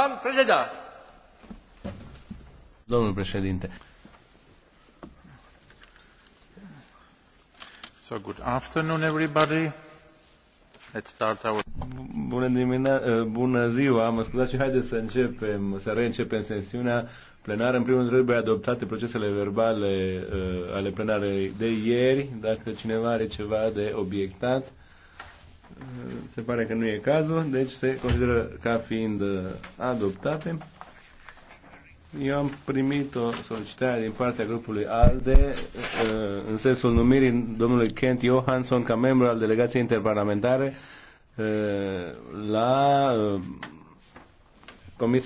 Pan prezeda. Domnul președinte. So good afternoon everybody. Let's start our... Bună, dimine... Eh, bună ziua, mă scuzați și haideți să începem, să reîncepem sesiunea plenară. În primul rând trebuie adoptate procesele verbale uh, ale plenarei de ieri. Dacă cineva are ceva de obiectat, se pare că nu e cazul, deci se consideră ca fiind uh, adoptate. Eu am primit o solicitare din partea grupului ALDE uh, în sensul numirii domnului Kent Johansson ca membru al delegației interparlamentare uh, la Comisia